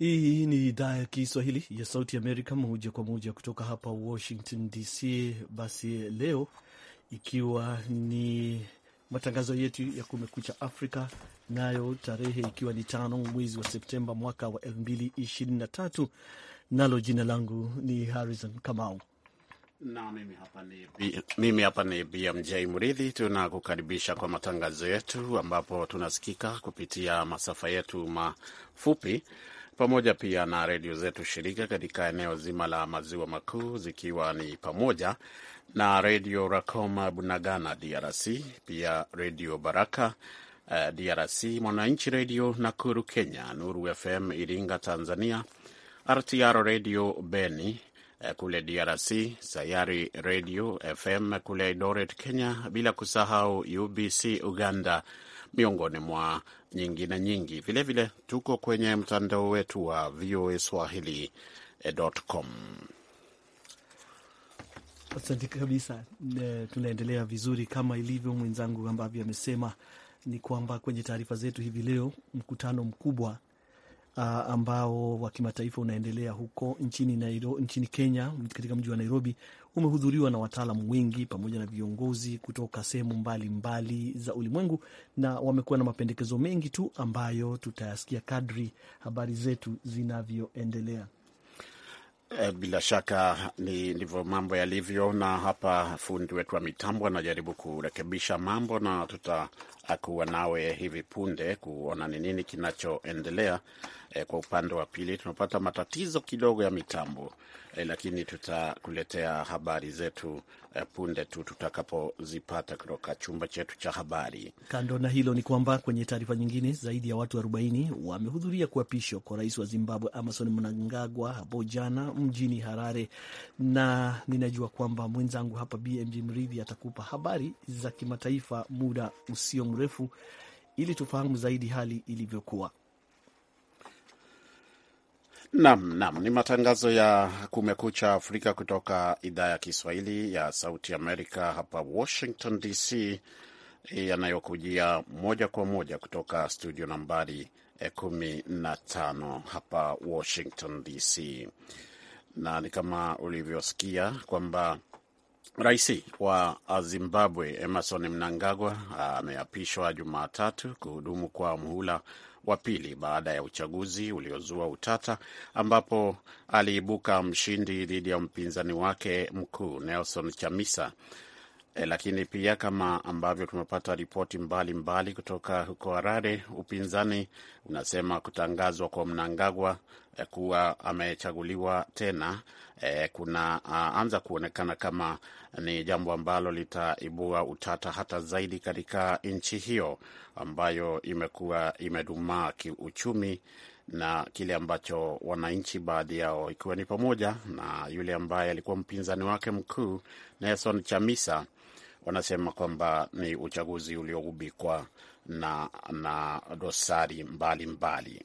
Hii ni idhaa ya Kiswahili ya Sauti Amerika, moja kwa moja kutoka hapa Washington DC. Basi leo ikiwa ni matangazo yetu ya Kumekucha Afrika, nayo tarehe ikiwa ni tano mwezi wa Septemba mwaka wa 223 nalo jina langu ni Harrison Kamau na mimi hapa ni, mimi hapa ni BMJ mridhi Tunakukaribisha kwa matangazo yetu ambapo tunasikika kupitia masafa yetu mafupi pamoja pia na redio zetu shirika katika eneo zima la maziwa makuu zikiwa ni pamoja na redio Rakoma Bunagana DRC, pia redio Baraka uh, eh, DRC, Mwananchi redio Nakuru Kenya, Nuru FM Iringa Tanzania, RTR redio Beni uh, kule DRC, Sayari redio FM kule Eldoret Kenya, bila kusahau UBC Uganda miongoni mwa nyingine nyingi. Vilevile vile, tuko kwenye mtandao wetu wa VOA Swahili.com. Eh, Asante kabisa. Tunaendelea vizuri kama ilivyo mwenzangu ambavyo amesema ni kwamba kwenye taarifa zetu hivi leo, mkutano mkubwa uh, ambao wa kimataifa unaendelea huko nchini, Nairo, nchini Kenya katika mji wa Nairobi umehudhuriwa na wataalamu wengi pamoja na viongozi kutoka sehemu mbalimbali za ulimwengu, na wamekuwa na mapendekezo mengi tu ambayo tutayasikia kadri habari zetu zinavyoendelea. Eh, bila shaka ni ndivyo mambo yalivyo, na hapa fundi wetu wa mitambo anajaribu kurekebisha mambo, na tuta kuwa nawe hivi punde kuona ni nini kinachoendelea. E, kwa upande wa pili tunapata matatizo kidogo ya mitambo e, lakini tutakuletea habari zetu e, punde tu tutakapozipata kutoka chumba chetu cha habari. Kando na hilo ni kwamba kwenye taarifa nyingine, zaidi ya watu 40 wamehudhuria kuapishwa kwa rais wa Zimbabwe Emmerson Mnangagwa hapo jana mjini Harare, na ninajua kwamba mwenzangu hapa BMG Mridhi atakupa habari za kimataifa muda usio mrefu mrefu ili tufahamu zaidi hali ilivyokuwa. Nam, nam ni matangazo ya Kumekucha Afrika kutoka idhaa ya Kiswahili ya Sauti Amerika hapa Washington DC, yanayokujia moja kwa moja kutoka studio nambari 15 eh, hapa Washington DC, na ni kama ulivyosikia kwamba Rais wa Zimbabwe Emerson Mnangagwa ameapishwa Jumatatu kuhudumu kwa mhula wa pili baada ya uchaguzi uliozua utata ambapo aliibuka mshindi dhidi ya mpinzani wake mkuu Nelson Chamisa E, lakini pia kama ambavyo tumepata ripoti mbalimbali kutoka huko Harare, upinzani unasema kutangazwa kwa Mnangagwa e, kuwa amechaguliwa tena e, kuna a, ah, anza kuonekana kama ni jambo ambalo litaibua utata hata zaidi katika nchi hiyo ambayo imekuwa imedumaa kiuchumi na kile ambacho wananchi baadhi yao ikiwa ni pamoja na yule ambaye alikuwa mpinzani wake mkuu Nelson Chamisa wanasema kwamba ni uchaguzi uliogubikwa na, na dosari mbalimbali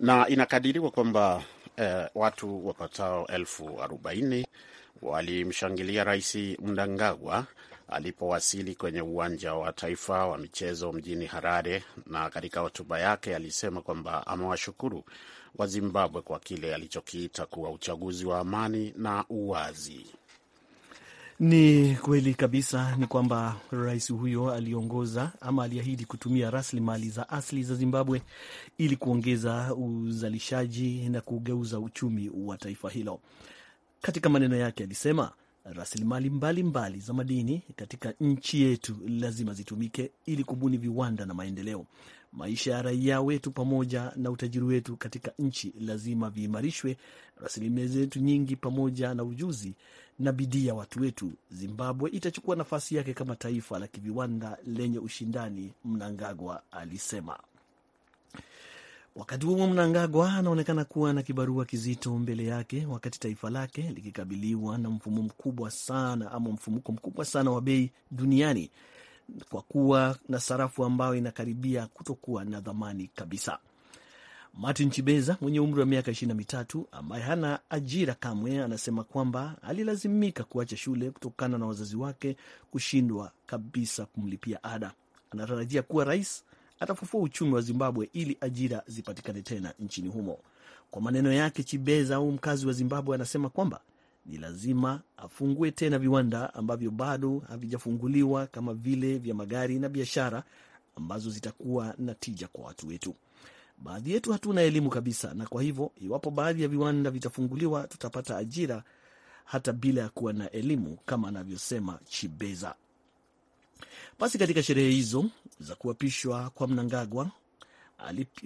na inakadiriwa kwamba eh, watu wapatao elfu arobaini walimshangilia Rais Mnangagwa alipowasili kwenye uwanja wa taifa wa michezo mjini Harare, na katika hotuba yake alisema kwamba amewashukuru wa Zimbabwe kwa kile alichokiita kuwa uchaguzi wa amani na uwazi. Ni kweli kabisa, ni kwamba rais huyo aliongoza ama aliahidi kutumia rasilimali za asili za Zimbabwe ili kuongeza uzalishaji na kugeuza uchumi wa taifa hilo. Katika maneno yake alisema, rasilimali mbalimbali za madini katika nchi yetu lazima zitumike ili kubuni viwanda na maendeleo. Maisha ya raia wetu pamoja na utajiri wetu katika nchi lazima viimarishwe. Rasilimali zetu nyingi pamoja na ujuzi na bidii ya watu wetu, Zimbabwe itachukua nafasi yake kama taifa la kiviwanda lenye ushindani, Mnangagwa alisema. Wakati huo Mnangagwa anaonekana kuwa na kibarua kizito mbele yake, wakati taifa lake likikabiliwa na mfumo mkubwa sana ama mfumuko mkubwa sana wa bei duniani, kwa kuwa na sarafu ambayo inakaribia kutokuwa na dhamani kabisa. Martin Chibeza mwenye umri wa miaka ishirini na mitatu ambaye hana ajira kamwe anasema kwamba alilazimika kuacha shule kutokana na wazazi wake kushindwa kabisa kumlipia ada. Anatarajia kuwa rais atafufua uchumi wa Zimbabwe ili ajira zipatikane tena nchini humo. Kwa maneno yake, Chibeza au mkazi wa Zimbabwe anasema kwamba ni lazima afungue tena viwanda ambavyo bado havijafunguliwa kama vile vya magari na biashara ambazo zitakuwa na tija kwa watu wetu. Baadhi yetu hatuna elimu kabisa, na kwa hivyo iwapo baadhi ya viwanda vitafunguliwa, tutapata ajira hata bila ya kuwa na elimu, kama anavyosema Chibeza. Basi katika sherehe hizo za kuapishwa kwa Mnangagwa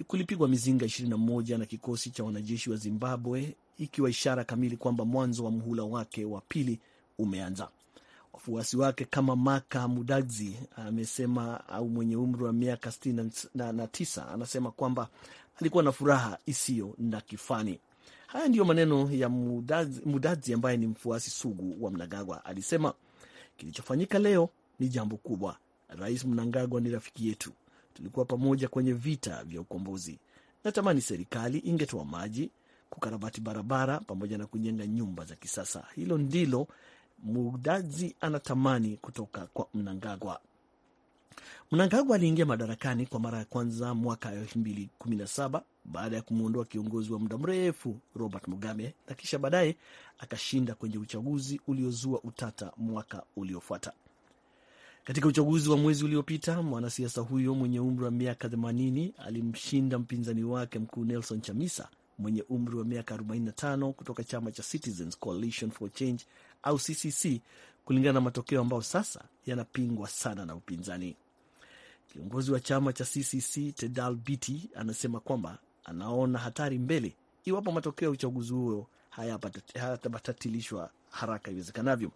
kulipigwa mizinga 21 na kikosi cha wanajeshi wa Zimbabwe, ikiwa ishara kamili kwamba mwanzo wa mhula wake wa pili umeanza wafuasi wake kama Maka Mudadzi amesema au mwenye umri wa miaka sitini na tisa anasema kwamba alikuwa na furaha isiyo na kifani. Haya ndiyo maneno ya Mudadzi, Mudadzi ambaye ni mfuasi sugu wa Mnangagwa. Alisema kilichofanyika leo ni jambo kubwa. Rais Mnangagwa ni rafiki yetu, tulikuwa pamoja kwenye vita vya ukombozi. Natamani serikali ingetoa maji, kukarabati barabara pamoja na kujenga nyumba za kisasa. Hilo ndilo Mugdazi anatamani kutoka kwa Mnangagwa. Mnangagwa aliingia madarakani kwa mara ya kwanza mwaka 217 baada ya kumwondoa kiongozi wa muda mrefu Robert Mugabe na kisha baadaye akashinda kwenye uchaguzi uliozua utata mwaka uliofuata. Katika uchaguzi wa mwezi uliopita, mwanasiasa huyo mwenye umri wa miaka 80 alimshinda mpinzani wake mkuu Nelson Chamisa mwenye umri wa miaka 45 kutoka chama cha Citizens Coalition for Change au CCC kulingana na matokeo ambayo sasa yanapingwa sana na upinzani. Kiongozi wa chama cha CCC Tedal Biti anasema kwamba anaona hatari mbele iwapo matokeo ya uchaguzi huo hayatabatilishwa haraka iwezekanavyo.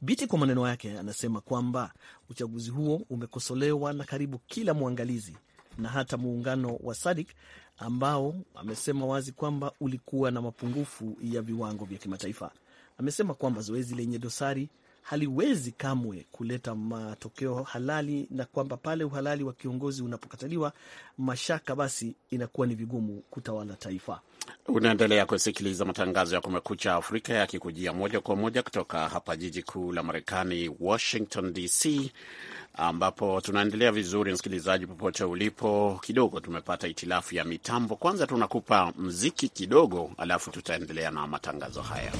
Biti kwa maneno yake anasema kwamba uchaguzi huo umekosolewa na karibu kila mwangalizi na hata muungano wa Sadik ambao amesema wazi kwamba ulikuwa na mapungufu ya viwango vya kimataifa amesema kwamba zoezi lenye dosari haliwezi kamwe kuleta matokeo halali na kwamba pale uhalali wa kiongozi unapokataliwa mashaka, basi inakuwa ni vigumu kutawala taifa. Unaendelea kusikiliza matangazo ya Kumekucha Afrika yakikujia moja kwa moja kutoka hapa jiji kuu la Marekani, Washington DC, ambapo tunaendelea vizuri. Msikilizaji popote ulipo, kidogo tumepata itilafu ya mitambo. Kwanza tunakupa mziki kidogo, alafu tutaendelea na matangazo haya.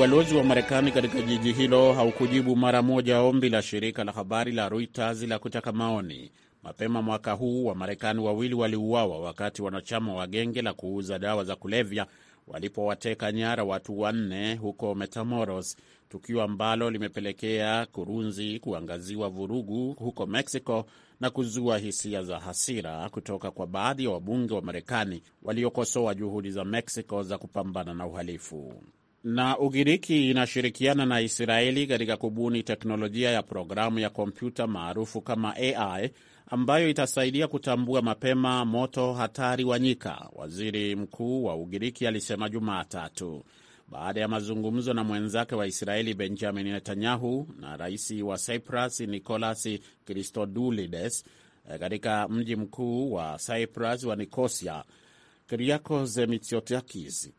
Ubalozi wa Marekani katika jiji hilo haukujibu mara moja ombi la shirika la habari la Reuters la kutaka maoni. Mapema mwaka huu Wamarekani wawili waliuawa wakati wanachama wa genge la kuuza dawa za kulevya walipowateka nyara watu wanne huko Metamoros, tukio ambalo limepelekea kurunzi kuangaziwa vurugu huko Mexico na kuzua hisia za hasira kutoka kwa baadhi ya wabunge wa Marekani waliokosoa juhudi za Mexico za kupambana na uhalifu. Na Ugiriki inashirikiana na Israeli katika kubuni teknolojia ya programu ya kompyuta maarufu kama AI ambayo itasaidia kutambua mapema moto hatari wa nyika, waziri mkuu wa Ugiriki alisema Jumatatu baada ya mazungumzo na mwenzake wa Israeli Benjamin Netanyahu na rais wa Cyprus Nicolas Christodoulides eh, katika mji mkuu wa Cyprus wa Nikosia, Kyriakos Mitsotakis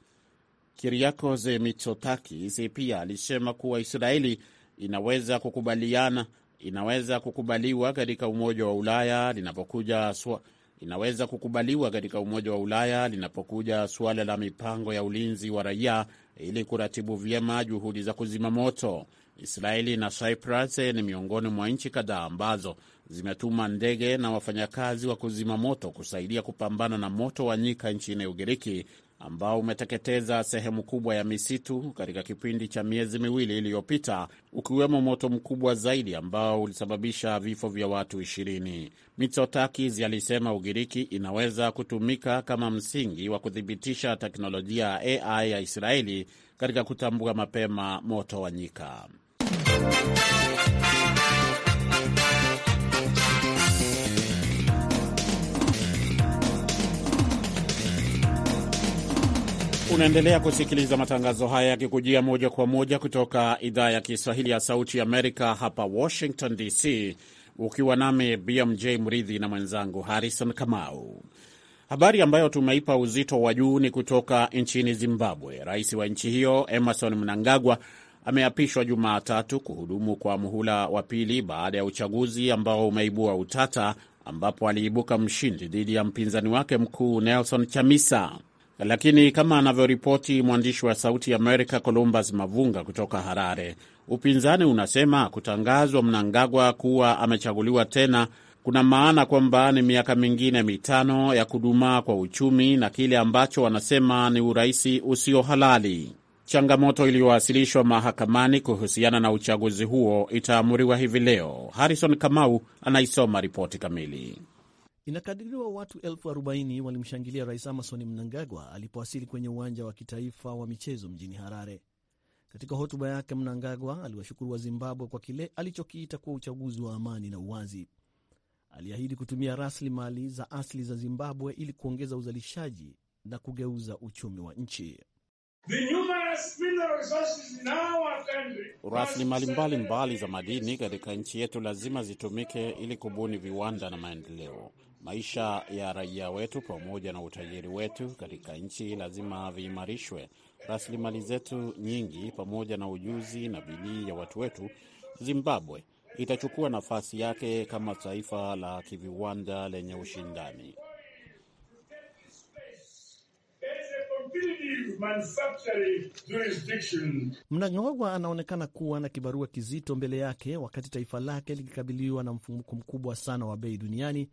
Kiriakos Mitsotakis pia alisema kuwa Israeli inaweza kukubaliana inaweza kukubaliwa katika Umoja wa Ulaya linapokuja swa, inaweza kukubaliwa katika Umoja wa Ulaya linapokuja suala la mipango ya ulinzi wa raia ili kuratibu vyema juhudi za kuzima moto. Israeli na Cyprus ni miongoni mwa nchi kadhaa ambazo zimetuma ndege na wafanyakazi wa kuzima moto kusaidia kupambana na moto wa nyika nchini Ugiriki ambao umeteketeza sehemu kubwa ya misitu katika kipindi cha miezi miwili iliyopita, ukiwemo moto mkubwa zaidi ambao ulisababisha vifo vya watu ishirini. Mitsotakis alisema Ugiriki inaweza kutumika kama msingi wa kuthibitisha teknolojia ya AI ya Israeli katika kutambua mapema moto wa nyika. Unaendelea kusikiliza matangazo haya yakikujia moja kwa moja kutoka idhaa ya Kiswahili ya Sauti Amerika hapa Washington DC, ukiwa nami BMJ Mridhi na mwenzangu Harrison Kamau. Habari ambayo tumeipa uzito wa juu ni kutoka nchini Zimbabwe. Rais wa nchi hiyo Emerson Mnangagwa ameapishwa Jumatatu kuhudumu kwa muhula wa pili baada ya uchaguzi ambao umeibua utata, ambapo aliibuka mshindi dhidi ya mpinzani wake mkuu Nelson Chamisa. Lakini kama anavyoripoti mwandishi wa Sauti ya Amerika Columbus Mavunga kutoka Harare, upinzani unasema kutangazwa Mnangagwa kuwa amechaguliwa tena kuna maana kwamba ni miaka mingine mitano ya kudumaa kwa uchumi na kile ambacho wanasema ni uraisi usio halali. Changamoto iliyowasilishwa mahakamani kuhusiana na uchaguzi huo itaamuriwa hivi leo. Harrison Kamau anaisoma ripoti kamili. Inakadiriwa watu elfu arobaini walimshangilia Rais Emmerson Mnangagwa alipowasili kwenye uwanja wa kitaifa wa michezo mjini Harare. Katika hotuba yake, Mnangagwa aliwashukuru wa Zimbabwe kwa kile alichokiita kuwa uchaguzi wa amani na uwazi. Aliahidi kutumia rasilimali za asili za Zimbabwe ili kuongeza uzalishaji na kugeuza uchumi wa nchi. Rasilimali mbalimbali za madini katika nchi yetu lazima zitumike ili kubuni viwanda na maendeleo. Maisha ya raia wetu pamoja na utajiri wetu katika nchi lazima viimarishwe. Rasilimali zetu nyingi pamoja na ujuzi na bidii ya watu wetu. Zimbabwe itachukua nafasi yake kama taifa la kiviwanda lenye ushindani. Mnangagwa anaonekana kuwa na kibarua kizito mbele yake wakati taifa lake likikabiliwa na mfumuko mkubwa sana wa bei duniani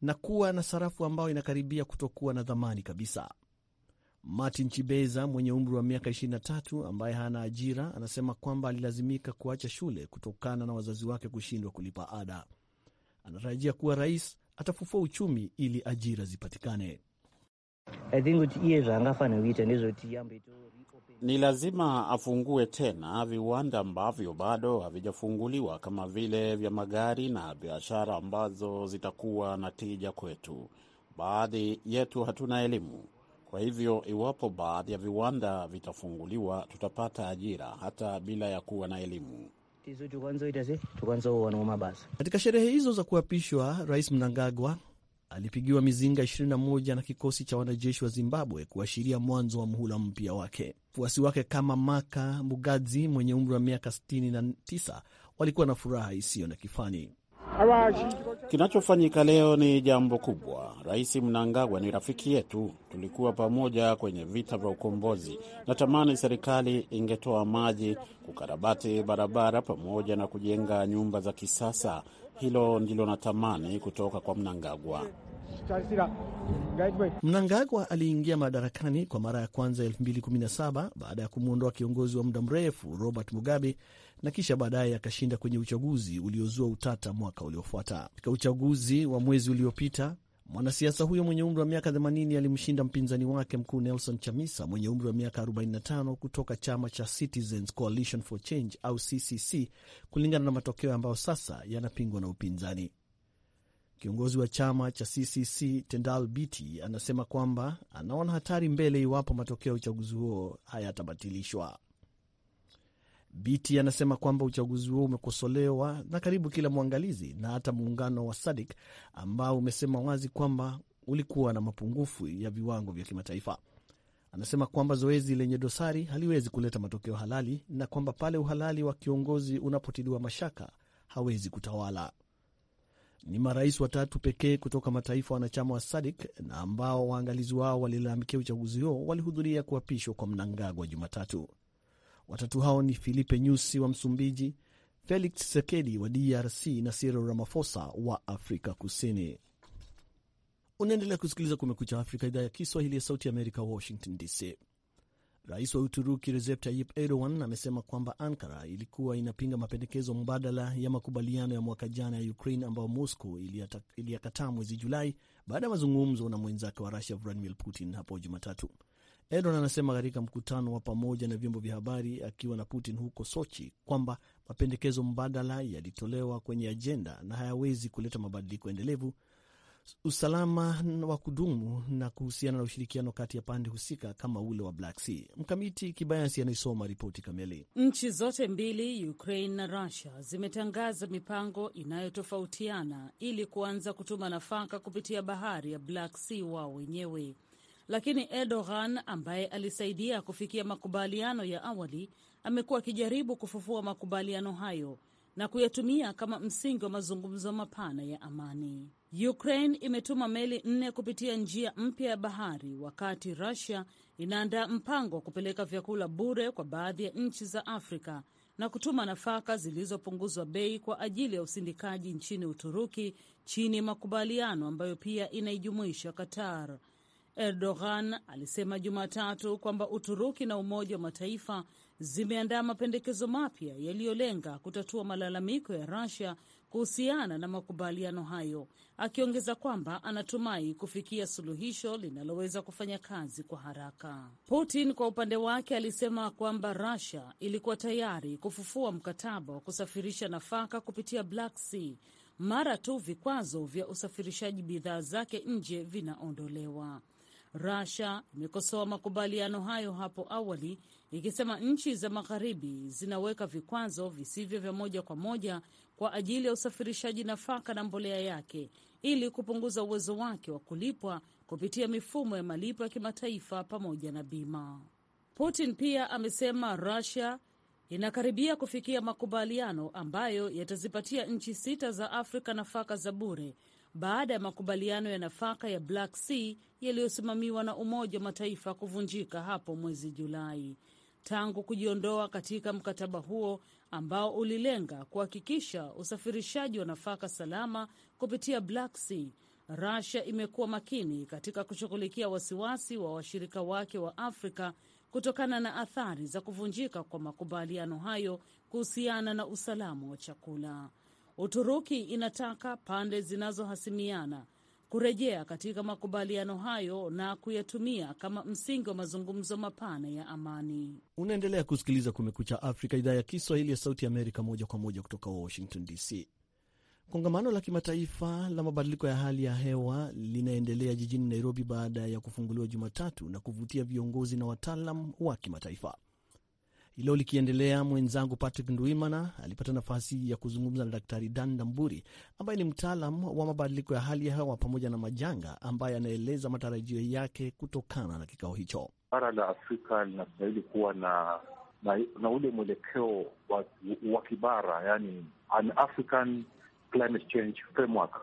na kuwa na sarafu ambayo inakaribia kutokuwa na dhamani kabisa. Martin Chibeza mwenye umri wa miaka 23 ambaye hana ajira anasema kwamba alilazimika kuacha shule kutokana na wazazi wake kushindwa kulipa ada. Anatarajia kuwa rais atafufua uchumi ili ajira zipatikane ni lazima afungue tena viwanda ambavyo bado havijafunguliwa kama vile vya magari na biashara ambazo zitakuwa na tija kwetu. Baadhi yetu hatuna elimu, kwa hivyo iwapo baadhi ya viwanda vitafunguliwa, tutapata ajira hata bila ya kuwa na elimu. Katika sherehe hizo za kuapishwa, Rais Mnangagwa alipigiwa mizinga 21 na kikosi cha wanajeshi wa Zimbabwe kuashiria mwanzo wa mhula mpya wake. mfuasi wake kama Maka Mugadzi mwenye umri wa miaka 69 walikuwa na furaha isiyo na kifani. Kinachofanyika leo ni jambo kubwa. Rais Mnangagwa ni rafiki yetu, tulikuwa pamoja kwenye vita vya ukombozi. Natamani serikali ingetoa maji, kukarabati barabara pamoja na kujenga nyumba za kisasa. Hilo ndilo natamani kutoka kwa Mnangagwa. Mnangagwa aliingia madarakani kwa mara ya kwanza 2017 baada ya kumwondoa kiongozi wa muda mrefu Robert Mugabe na kisha baadaye akashinda kwenye uchaguzi uliozua utata mwaka uliofuata. Katika uchaguzi wa mwezi uliopita, mwanasiasa huyo mwenye umri wa miaka 80 alimshinda mpinzani wake mkuu Nelson Chamisa mwenye umri wa miaka 45 kutoka chama cha Citizens Coalition for Change au CCC, kulingana na matokeo ambayo sasa yanapingwa na upinzani. Kiongozi wa chama cha CCC Tendal Biti anasema kwamba anaona hatari mbele iwapo matokeo ya uchaguzi huo hayatabatilishwa. Biti anasema kwamba uchaguzi huo umekosolewa na karibu kila mwangalizi na hata muungano wa SADIK ambao umesema wazi kwamba ulikuwa na mapungufu ya viwango vya kimataifa. Anasema kwamba zoezi lenye dosari haliwezi kuleta matokeo halali na kwamba pale uhalali wa kiongozi unapotiliwa mashaka hawezi kutawala. Ni marais watatu pekee kutoka mataifa wanachama wa SADIK na ambao waangalizi wao walilalamikia uchaguzi huo walihudhuria kuapishwa kwa Mnangagwa Jumatatu. Watatu hao ni Filipe Nyusi wa Msumbiji, Felix Tshisekedi wa DRC na Cyril Ramaphosa wa Afrika Kusini. Unaendelea kusikiliza Kumekucha Afrika, idhaa ya Kiswahili ya Sauti ya Amerika, Washington DC. Rais wa Uturuki Recep Tayyip Erdogan amesema kwamba Ankara ilikuwa inapinga mapendekezo mbadala ya makubaliano ya mwaka jana ya Ukraine ambayo Moscow iliyakataa mwezi Julai baada ya mazungumzo na mwenzake wa Rusia Vladimir Putin hapo Jumatatu. Erdogan anasema katika mkutano wa pamoja na vyombo vya habari akiwa na Putin huko Sochi kwamba mapendekezo mbadala yalitolewa kwenye ajenda na hayawezi kuleta mabadiliko endelevu usalama wa kudumu na kuhusiana na ushirikiano kati ya pande husika kama ule wa Black Sea. Mkamiti Kibayasi anaisoma ripoti kamili. Nchi zote mbili, Ukraine na Russia, zimetangaza mipango inayotofautiana ili kuanza kutuma nafaka kupitia bahari ya Black Sea wao wenyewe, lakini Erdogan ambaye alisaidia kufikia makubaliano ya awali amekuwa akijaribu kufufua makubaliano hayo na kuyatumia kama msingi wa mazungumzo mapana ya amani. Ukraine imetuma meli nne kupitia njia mpya ya bahari, wakati Russia inaandaa mpango wa kupeleka vyakula bure kwa baadhi ya nchi za Afrika na kutuma nafaka zilizopunguzwa bei kwa ajili ya usindikaji nchini Uturuki chini ya makubaliano ambayo pia inaijumuisha Qatar. Erdogan alisema Jumatatu kwamba Uturuki na Umoja wa Mataifa zimeandaa mapendekezo mapya yaliyolenga kutatua malalamiko ya Russia kuhusiana na makubaliano hayo, akiongeza kwamba anatumai kufikia suluhisho linaloweza kufanya kazi kwa haraka. Putin kwa upande wake alisema kwamba Russia ilikuwa tayari kufufua mkataba wa kusafirisha nafaka kupitia Black Sea mara tu vikwazo vya usafirishaji bidhaa zake nje vinaondolewa. Russia imekosoa makubaliano hayo hapo awali ikisema nchi za magharibi zinaweka vikwazo visivyo vya moja kwa moja kwa ajili ya usafirishaji nafaka na mbolea yake ili kupunguza uwezo wake wa kulipwa kupitia mifumo ya malipo ya kimataifa pamoja na bima. Putin pia amesema Russia inakaribia kufikia makubaliano ambayo yatazipatia nchi sita za Afrika nafaka za bure baada ya makubaliano ya nafaka ya Black Sea yaliyosimamiwa na Umoja wa Mataifa kuvunjika hapo mwezi Julai tangu kujiondoa katika mkataba huo ambao ulilenga kuhakikisha usafirishaji wa nafaka salama kupitia Black Sea. Russia imekuwa makini katika kushughulikia wasiwasi wa washirika wake wa Afrika kutokana na athari za kuvunjika kwa makubaliano hayo kuhusiana na usalama wa chakula. Uturuki inataka pande zinazohasimiana kurejea katika makubaliano hayo na kuyatumia kama msingi wa mazungumzo mapana ya amani. Unaendelea kusikiliza Kumekucha Afrika, idhaa ya Kiswahili ya Sauti ya Amerika, moja kwa moja kutoka Washington DC. Kongamano la kimataifa la mabadiliko ya hali ya hewa linaendelea jijini Nairobi baada ya kufunguliwa Jumatatu na kuvutia viongozi na wataalam wa kimataifa. Hilo likiendelea, mwenzangu Patrick Ndwimana alipata nafasi ya kuzungumza na Daktari Dan Damburi ambaye ni mtaalam wa mabadiliko ya hali ya hewa pamoja na majanga, ambaye anaeleza matarajio yake kutokana na kikao hicho. Bara la Afrika linastahili kuwa na na, na ule mwelekeo wa, wa kibara yani an African Climate Change Framework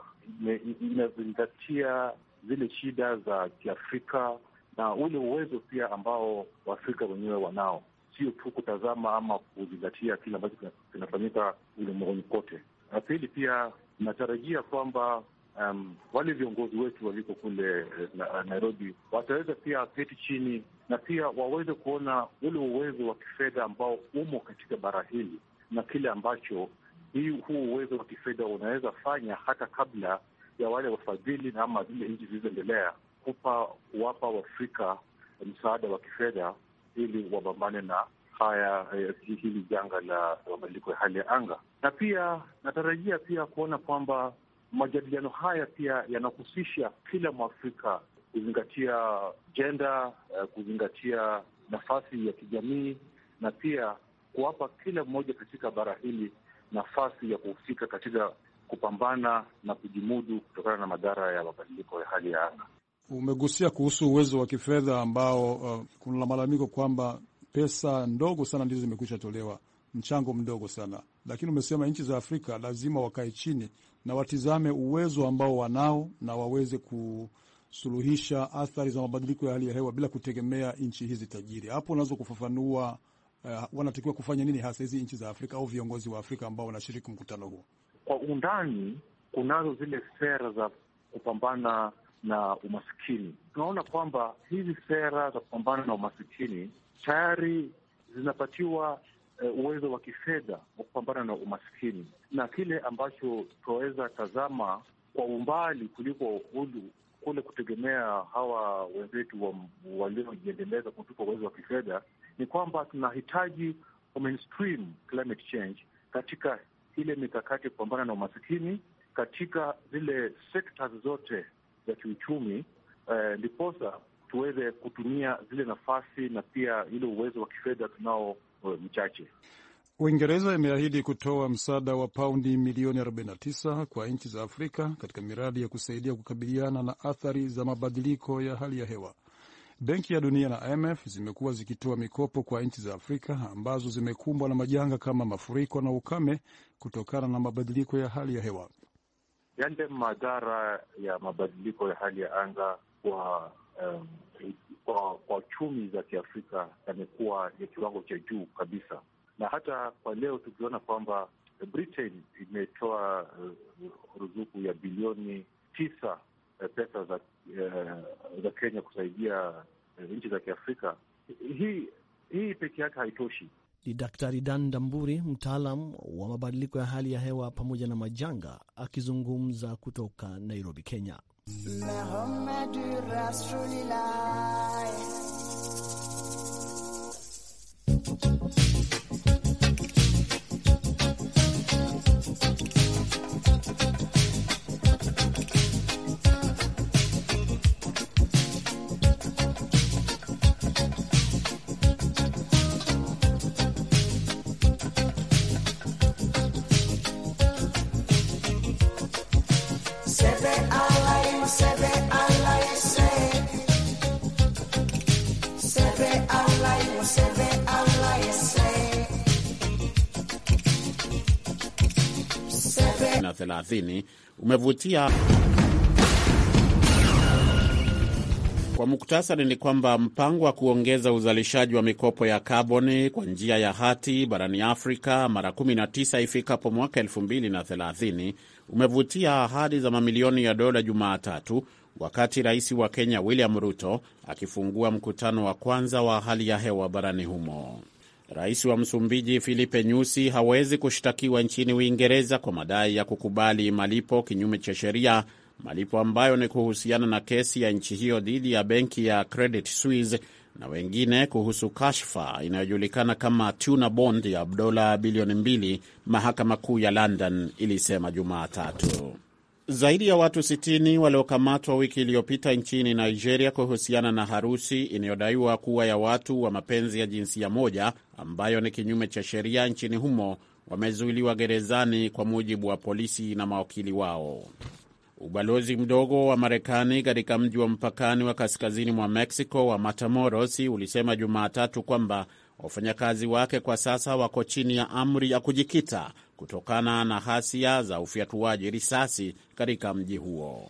inazingatia zile shida za Kiafrika na ule uwezo pia ambao Waafrika wenyewe wanao sio tu kutazama ama kuzingatia kile ambacho kinafanyika ulimwenguni kote. Na pili, pia natarajia kwamba um, wale viongozi wetu waliko kule eh, na, eh, Nairobi wataweza pia keti chini na pia waweze kuona ule uwezo wa kifedha ambao umo katika bara hili na kile ambacho hii huu uwezo wa kifedha unaweza fanya hata kabla ya wale wafadhili na ama zile nchi zilizoendelea kupa kuwapa Waafrika msaada wa kifedha ili wapambane na haya eh, hili janga la mabadiliko ya hali ya anga, na pia natarajia pia kuona kwamba majadiliano haya pia yanahusisha kila Mwafrika kuzingatia jenda, eh, kuzingatia nafasi ya kijamii na pia kuwapa kila mmoja katika bara hili nafasi ya kuhusika katika kupambana na kujimudu kutokana na madhara ya mabadiliko ya hali ya anga umegusia kuhusu uwezo wa kifedha ambao, uh, kuna malalamiko kwamba pesa ndogo sana ndizo zimekwisha tolewa, mchango mdogo sana, lakini umesema nchi za Afrika lazima wakae chini na watizame uwezo ambao wanao na waweze kusuluhisha athari za mabadiliko ya hali ya hewa bila kutegemea nchi hizi tajiri. Hapo unaweza kufafanua uh, wanatakiwa kufanya nini hasa hizi nchi za Afrika au viongozi wa Afrika ambao wanashiriki mkutano huo kwa undani? Kunazo zile sera za kupambana na umasikini. Tunaona kwamba hizi sera za kupambana na umasikini tayari zinapatiwa eh, uwezo wa kifedha wa kupambana na umasikini, na kile ambacho tunaweza tazama kwa umbali kuliko kule kutegemea hawa wenzetu waliojiendeleza kutupa uwezo wa kifedha ni kwamba tunahitaji mainstream climate change katika ile mikakati ya kupambana na umasikini katika zile sekta zote za kiuchumi, eh, ndiposa tuweze kutumia zile nafasi na pia ile uwezo wa kifedha tunao eh, mchache. Uingereza imeahidi kutoa msaada wa paundi milioni 49 kwa nchi za Afrika katika miradi ya kusaidia kukabiliana na athari za mabadiliko ya hali ya hewa. Benki ya Dunia na IMF zimekuwa zikitoa mikopo kwa nchi za Afrika ambazo zimekumbwa na majanga kama mafuriko na ukame kutokana na mabadiliko ya hali ya hewa yale madhara ya mabadiliko ya hali ya anga kwa um, kwa, kwa chumi za Kiafrika yamekuwa ya kiwango cha juu kabisa, na hata kwa leo tukiona kwamba Britain imetoa uh, ruzuku ya bilioni tisa uh, pesa za uh, za Kenya kusaidia uh, nchi za Kiafrika. Hii hii peke yake haitoshi. Ni Daktari Dan Damburi, mtaalam wa mabadiliko ya hali ya hewa pamoja na majanga, akizungumza kutoka Nairobi, Kenya. 30 umevutia. Kwa muktasari ni kwamba mpango wa kuongeza uzalishaji wa mikopo ya kaboni kwa njia ya hati barani Afrika mara 19 ifikapo mwaka 2030 umevutia ahadi za mamilioni ya dola Jumatatu, wakati rais wa Kenya William Ruto akifungua mkutano wa kwanza wa hali ya hewa barani humo. Rais wa Msumbiji Filipe Nyusi hawezi kushtakiwa nchini Uingereza kwa madai ya kukubali malipo kinyume cha sheria, malipo ambayo ni kuhusiana na kesi ya nchi hiyo dhidi ya benki ya Credit Suisse na wengine kuhusu kashfa inayojulikana kama Tuna Bond ya dola bilioni mbili, mahakama kuu ya London ilisema Jumatatu. Zaidi ya watu 60 waliokamatwa wiki iliyopita nchini Nigeria kuhusiana na harusi inayodaiwa kuwa ya watu wa mapenzi ya jinsia moja ambayo ni kinyume cha sheria nchini humo wamezuiliwa gerezani kwa mujibu wa polisi na mawakili wao. Ubalozi mdogo wa Marekani katika mji wa mpakani wa kaskazini mwa Mexico wa Matamoros ulisema Jumatatu kwamba wafanyakazi wake kwa sasa wako chini ya amri ya kujikita kutokana na ghasia za ufyatuaji risasi katika mji huo.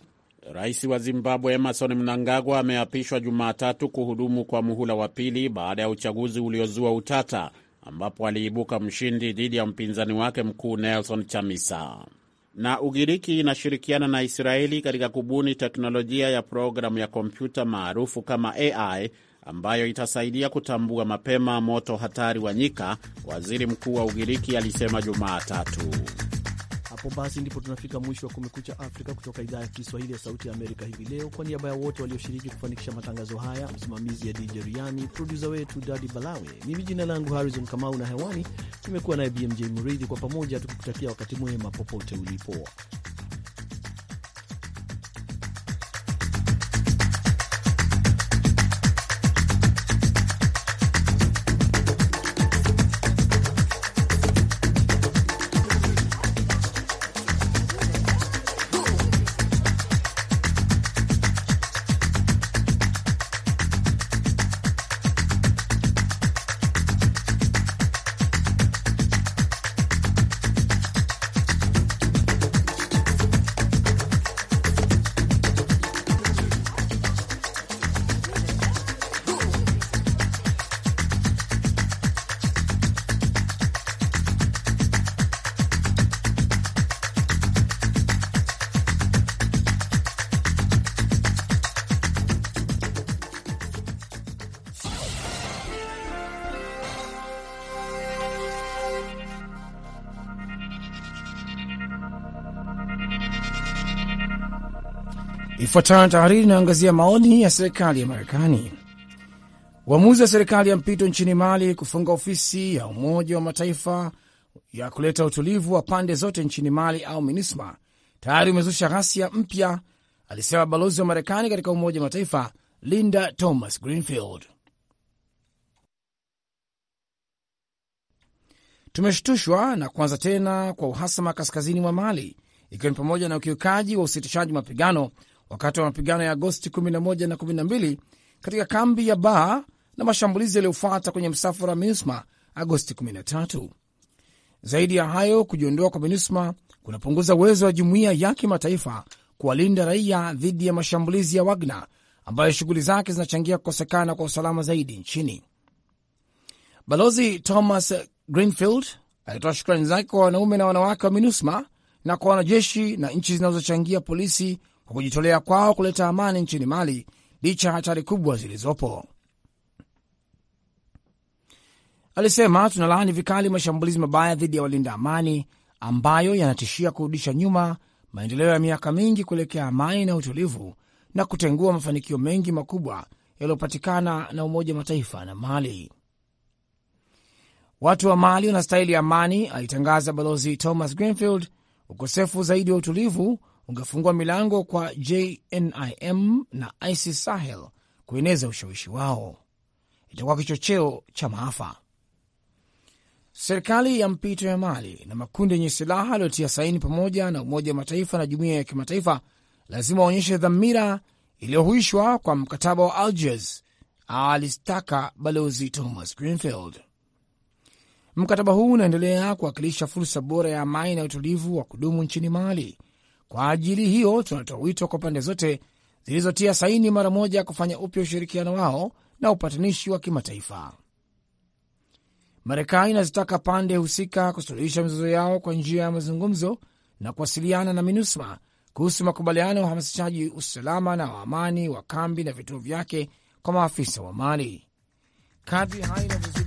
Rais wa Zimbabwe Emerson Mnangagwa ameapishwa Jumatatu kuhudumu kwa muhula wa pili baada ya uchaguzi uliozua utata ambapo aliibuka mshindi dhidi ya mpinzani wake mkuu Nelson Chamisa. Na Ugiriki inashirikiana na Israeli katika kubuni teknolojia ya programu ya kompyuta maarufu kama AI ambayo itasaidia kutambua mapema moto hatari wa nyika, waziri mkuu wa Ugiriki alisema Jumatatu. Hapo basi ndipo tunafika mwisho wa Kumekucha Afrika kutoka idhaa ya Kiswahili ya Sauti ya Amerika hivi leo. Kwa niaba ya wote walioshiriki kufanikisha matangazo haya, msimamizi ya DJ Riani, produsa wetu Dadi Balawe, mimi jina langu Harrison Kamau na hewani tumekuwa naye BMJ Muridhi, kwa pamoja tukikutakia wakati mwema popote ulipo. Ifuatayo tahariri inayoangazia maoni ya serikali ya Marekani. Uamuzi wa serikali ya mpito nchini Mali kufunga ofisi ya Umoja wa Mataifa ya kuleta utulivu wa pande zote nchini Mali au MINISMA tayari umezusha ghasia mpya, alisema balozi wa Marekani katika Umoja wa Mataifa Linda Thomas Greenfield. Tumeshtushwa na kuanza tena kwa uhasama kaskazini mwa Mali, ikiwa ni pamoja na ukiukaji wa usitishaji mapigano wakati wa mapigano ya Agosti 11 na 12 katika kambi ya Ba na mashambulizi yaliyofuata kwenye msafara wa MINUSMA Agosti 13. Zaidi ya hayo, kujiondoa kwa MINUSMA kunapunguza uwezo wa jumuiya ya kimataifa kuwalinda raia dhidi ya mashambulizi ya Wagner ambayo shughuli zake zinachangia kukosekana kwa usalama zaidi nchini. Balozi Thomas Greenfield alitoa shukrani zake kwa wanaume na wanawake wa MINUSMA na kwa wanajeshi na nchi zinazochangia polisi kwa kujitolea kwao kuleta amani nchini Mali licha ya hatari kubwa zilizopo. Alisema, tunalaani vikali mashambulizi mabaya dhidi ya walinda amani ambayo yanatishia kurudisha nyuma maendeleo ya miaka mingi kuelekea amani na utulivu na kutengua mafanikio mengi makubwa yaliyopatikana na Umoja wa Mataifa na Mali. Watu wa Mali wanastahili amani, alitangaza Balozi Thomas Greenfield. Ukosefu zaidi wa utulivu ungefungua milango kwa JNIM na ISIS Sahel kueneza ushawishi wao. Itakuwa kichocheo cha maafa. Serikali ya mpito ya Mali na makundi yenye silaha yaliyotia saini pamoja na Umoja wa Mataifa na jumuiya ya kimataifa lazima waonyeshe dhamira iliyohuishwa kwa mkataba wa Algiers, alistaka Balozi Thomas Greenfield. Mkataba huu unaendelea kuwakilisha fursa bora ya amani na utulivu wa kudumu nchini Mali kwa ajili hiyo tunatoa wito kwa pande zote zilizotia saini mara moja kufanya upya ushirikiano wao na upatanishi wa kimataifa. Marekani inazitaka pande husika kusuluhisha mizozo yao kwa njia ya mazungumzo na kuwasiliana na MINUSMA kuhusu makubaliano ya uhamasishaji usalama na wa amani wa kambi na vituo vyake kwa maafisa wa Mali. Kadri hayo